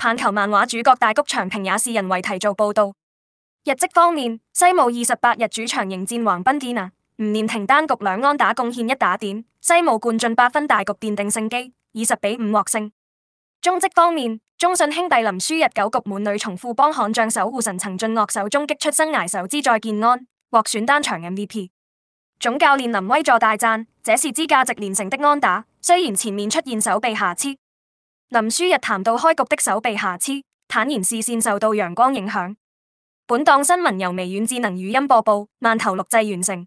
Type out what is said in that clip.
棒球漫畫主角大谷翔平也是人為題做報道。日職方面，西武二十八日主場迎戰橫濱建雅，吳念庭單局兩安打貢獻一打點，西武灌進八分大局奠定勝機，以十比五獲勝。中職方面，中信兄弟林書逸九局滿壘從富邦悍將守護神曾俊樂手中擊出生涯首支再見安，獲選單場 MVP。總教練林威助大讚這是支價值連城的安打，雖然前面出現手臂瑕疵。林書日談到開局的手臂瑕疵，坦言視線受到陽光影響。本檔新聞由微軟智能語音播報，慢頭錄製完成。